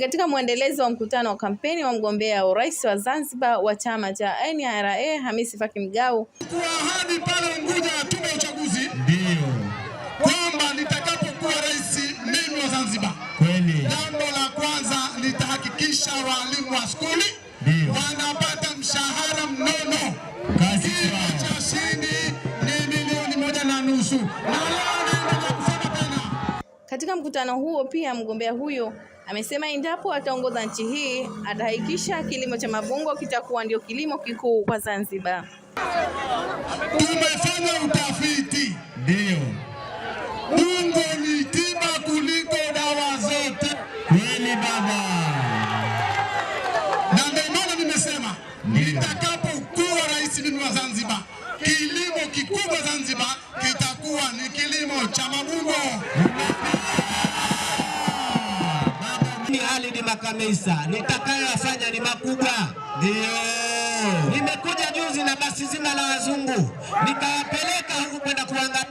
katika mwendelezo wa mkutano wa kampeni wa mgombea urais wa Zanzibar wa chama cha NRA Hamisi Faki Mgau. Kwa pale Unguja ya tume ya uchaguzi ndio kwamba nitakapokuwa rais mimi wa Zanzibar, kweli jambo la kwanza nitahakikisha walimu wa skuli wanapata mshahara mnono. Kazi cha chini ni milioni moja na nusu. Na leo naenda kusema tena katika mkutano huo, pia mgombea huyo Amesema endapo ataongoza nchi hii atahakikisha kilimo cha mabungo kitakuwa ndio kilimo kikuu kwa Zanzibar. Tumefanya utafiti, ndio bungo ni tiba kuliko dawa zote. Kweli baba, na ndio maana nimesema nitakapokuwa rais mimi wa Zanzibar, kilimo kikubwa Zanzibar kitakuwa ni kilimo cha mabungo. hapa Kamesa, nitakayoyafanya ni makubwa. Ndio nimekuja juzi na basi zima la wazungu, nikawapeleka huku kwenda kuangalia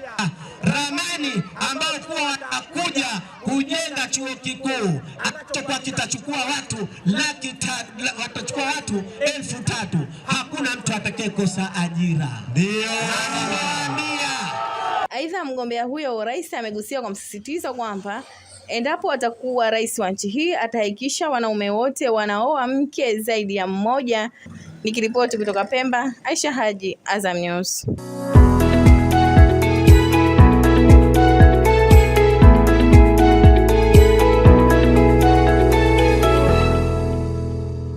ramani ambayo kuwa watakuja kujenga chuo kikuu kwa kitachukua watu laki tatu, watachukua watu elfu tatu. Hakuna mtu atakayekosa ajira, ndio Aidha, mgombea huyo urais amegusia kwa msisitizo kwamba Endapo atakuwa rais wa nchi hii, atahakikisha wanaume wote wanaoa mke zaidi ya mmoja. Nikiripoti kutoka Pemba, Aisha Haji, Azam News.